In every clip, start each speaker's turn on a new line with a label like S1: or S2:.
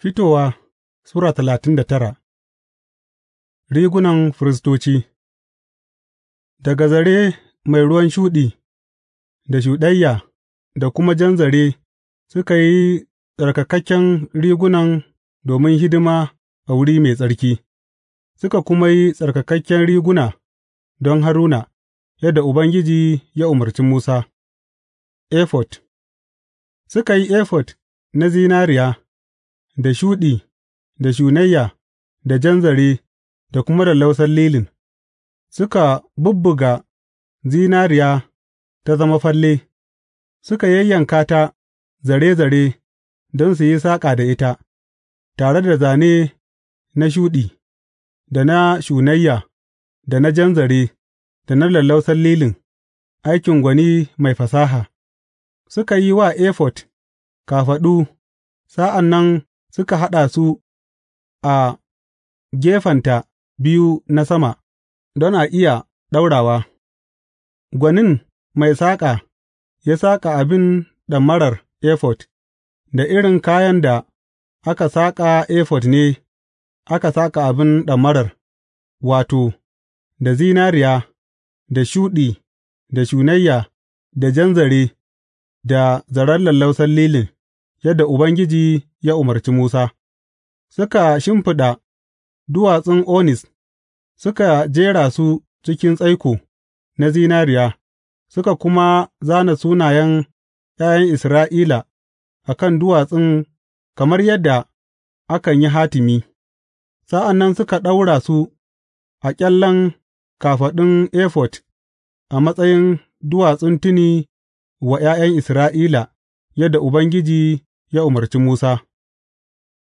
S1: Fitowa Sura talatin da tara Rigunan firistoci Daga zare mai ruwan shuɗi, da shuɗayya, da kuma jan zare suka yi tsarkakakken rigunan domin hidima a wuri mai tsarki, suka kuma yi tsarkakakken riguna don Haruna, yadda Ubangiji ya umarci Musa, Efot Suka yi efot na zinariya. da shuɗi, da shunayya, da jan zare, da kuma da lausan lilin, suka bubbuga zinariya ta zama falle, suka yayyanka ta zare zare don su yi saƙa da ita, tare da zane na shuɗi, da na shunayya, da na jan zare, da na lallausan lilin, aikin gwani mai fasaha, suka yi wa efot kafaɗu, sa'an nan suka haɗa su a gefenta biyu na sama, don a iya ɗaurawa, gwanin mai saƙa ya saƙa abin ɗamarar efod, da irin kayan da aka saƙa efod ne aka saƙa abin ɗamarar, wato, da zinariya, da shuɗi, da shunayya, da janzare da zaren lallausan lilin. yadda Ubangiji ya umarci Musa, suka shimfiɗa duwatsun onis, suka jera su cikin tsaiko na zinariya, suka kuma zana sunayen ’ya'yan Isra'ila a kan duwatsun kamar yadda akan yi hatimi, sa'an nan suka ɗaura su a ƙyallen kafaɗin efot a matsayin duwatsun tuni wa ’ya'yan Isra'ila, yadda Ubangiji ya umarci Musa,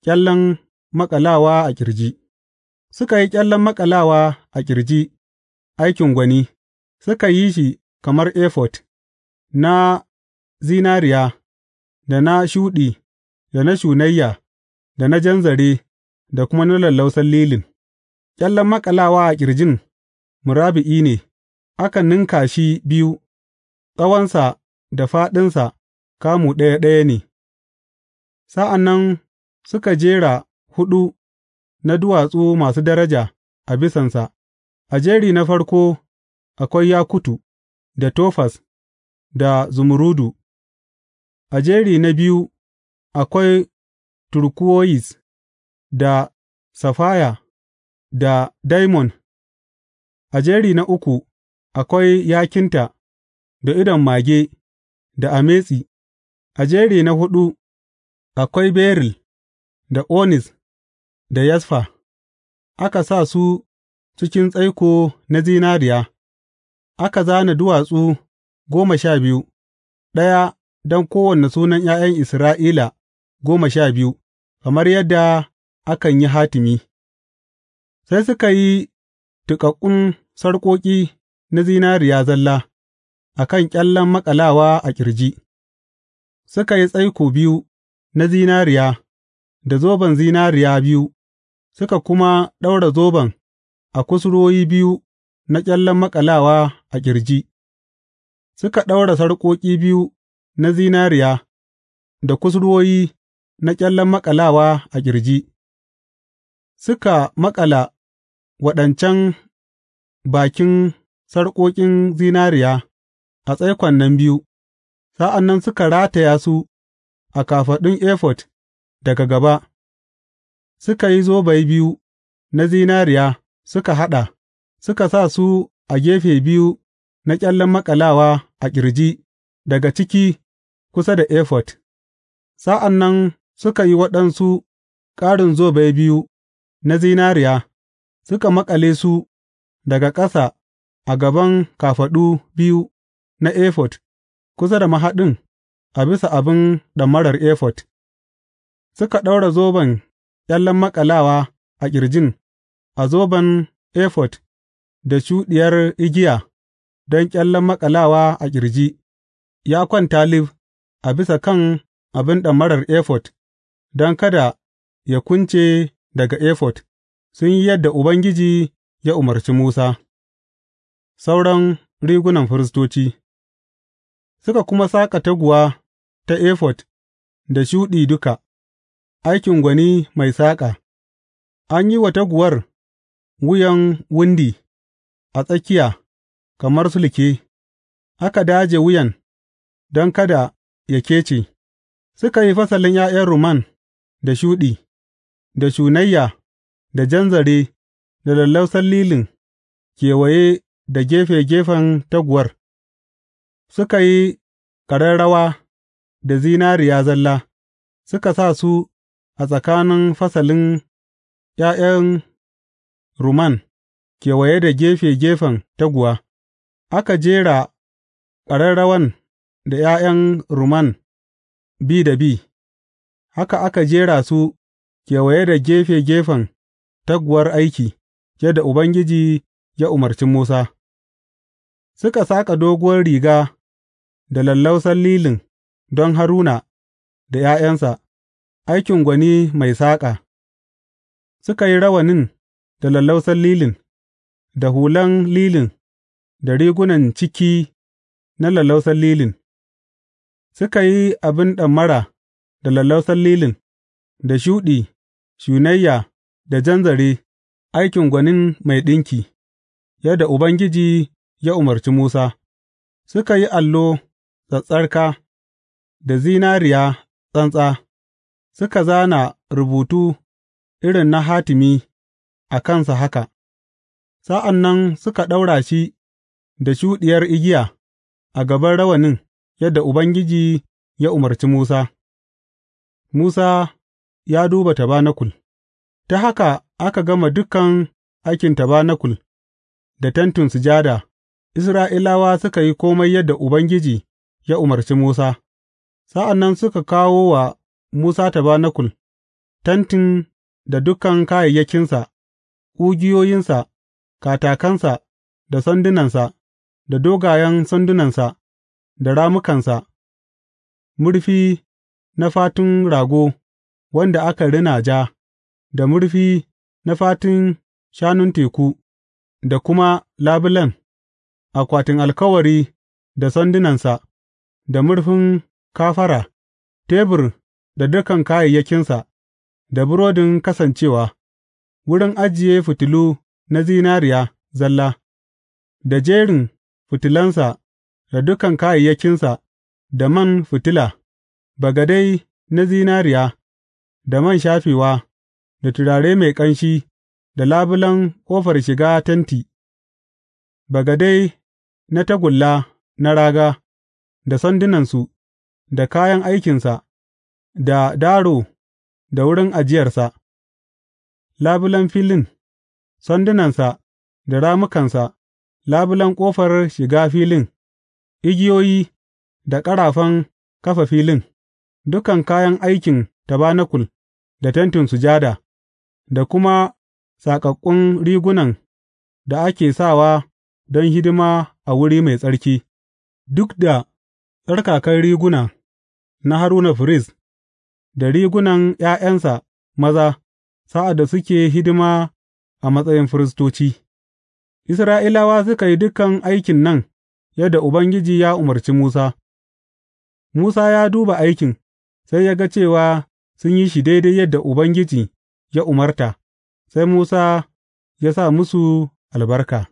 S1: ƙyallen maƙalawa a ƙirji Suka yi ƙyallen maƙalawa a ƙirji, aikin gwani, suka yi shi kamar efod, na zinariya, da na shuɗi, da na shunayya, da na jan zare, da kuma na lallausan lilin. Ƙyallen maƙalawa a ƙirjin murabi'i ne, aka ninka shi biyu, tsawonsa da faɗinsa kamu ɗaya ɗaya ne. Sa'an nan suka jera huɗu na duwatsu masu daraja a bisansa, a jeri na farko akwai yakutu, da tofaz, da zumurrudu, a jeri na biyu akwai turkuwoyis, da Safaya da daimon, a jeri na uku akwai yakinta, da idon mage, da ametsi, a jeri na huɗu. Akwai beril, da onis, da yasfa, aka sa su cikin tsaiko na zinariya, aka zana duwatsu goma sha biyu, ɗaya don kowane sunan ’ya'yan Isra'ila goma sha biyu, kamar yadda akan yi hatimi, sai suka yi tuƙaƙƙun sarƙoƙi na zinariya zalla a kan ƙyallen maƙalawa a ƙirji, suka yi tsaiko biyu. na zinariya da zoban zinariya biyu, suka kuma ɗaura zoban a kusurwoyi biyu na ƙyallen maƙalawa a ƙirji, suka ɗaura sarƙoƙi biyu na zinariya da kusurwoyi na ƙyallen maƙalawa a ƙirji, suka maƙala waɗancan bakin sarƙoƙin zinariya a tsaikon nan biyu, sa'an nan suka rataya su. a kafaɗun efod daga gaba, suka yi zobai biyu na zinariya suka haɗa, suka sa su a gefe biyu na ƙyallen maƙalawa a ƙirji daga ciki kusa da efod, sa'an nan suka yi waɗansu ƙarin zobai biyu na zinariya, suka maƙale su daga ƙasa a gaban kafaɗu biyu na efod kusa da mahaɗin a bisa abin ɗamarar efod, suka ɗaura zoban ƙyallen maƙalawa a ƙirjin, a zoban efod da shuɗiyar igiya don ƙyallen maƙalawa a ƙirji, ya kwanta lif a bisa kan abin ɗamarar efod, don kada ya kunce daga efod, sun yi yadda Ubangiji ya umarci Musa. Sauran rigunan firistoci. Suka kuma saƙa taguwa ta efod da shuɗi duka, aikin gwani mai saƙa, an yi wa taguwar wuyan wundi a tsakiya kamar sulke, aka daje wuyan don kada yă kece, suka yi fasalin ’ya'yan ruman da shuɗi, da shunayya, da jan zare, da lallausan lilin kewaye da gefe gefen taguwar. Suka yi ƙararrawa da zinariya zalla, suka sa su a tsakanin fasalin ’ya'yan rumman kewaye da gefe gefen taguwa, aka jera ƙararrawan da ’ya'yan rumman bi da bi, haka aka jera su kewaye da gefe gefen taguwar aiki, yadda Ubangiji ya umarci Musa, suka saƙa doguwar riga. da lallausan lilin don Haruna da ’ya'yansa, aikin gwani mai saƙa, suka yi rawanin da lallausan lilin, da hulan lilin, da rigunan ciki na lallausan lilin, suka yi abin ɗamara da lallausan lilin, da shuɗi, shunayya, da jan aikin gwanin mai ɗinki, yadda Ubangiji ya umarci Musa, suka yi allo. tsattsarka da zinariya tsantsa, suka zana rubutu irin na hatimi a kansa haka, sa'an nan suka ɗaura shi da shuɗiyar igiya a gaban rawanin yadda Ubangiji ya umarci Musa. Musa ya duba tabanakul Ta haka aka gama dukan aikin tabanakul da Tentin Sujada, Isra'ilawa suka yi komai yadda Ubangiji. ya umarci Musa, sa'an nan suka kawo wa Musa tabanakul, tentin da dukan kayayyakinsa, ƙugiyoyinsa, katakansa, da sandunansa, da dogayen sandunansa, da ramukansa. murfi na fatun rago wanda aka rina ja, da murfi na fatun shanun teku, da kuma labulen, akwatin alkawari da sandunansa. da murfin kafara, tebur da dukan kayayyakinsa, da burodin Kasancewa, wurin ajiye fitilu na zinariya zalla, da jerin fitilansa da dukan kayayyakinsa, da man fitila, bagadai na zinariya, da man shafewa, da turare mai ƙanshi, da labulen ƙofar shiga tenti, bagadai na tagulla na raga. da sandunansu, da kayan aikinsa, da daro da wurin ajiyarsa, labulen filin, sandunansa da ramukansa, labulen ƙofar shiga filin, igiyoyi da ƙarafan kafa filin, dukan kayan aikin tabanakul da Tentin Sujada, da kuma saƙaƙƙun rigunan da ake sawa don hidima a wuri mai tsarki, duk da Tsarkakan riguna na Haruna firist da rigunan ’ya'yansa maza sa'ad da suke hidima a matsayin firistoci Isra'ilawa suka yi dukan aikin nan yadda Ubangiji ya umarci Musa, Musa ya duba aikin, sai ya ga cewa sun yi shi daidai yadda Ubangiji ya umarta, sai Musa ya sa musu albarka.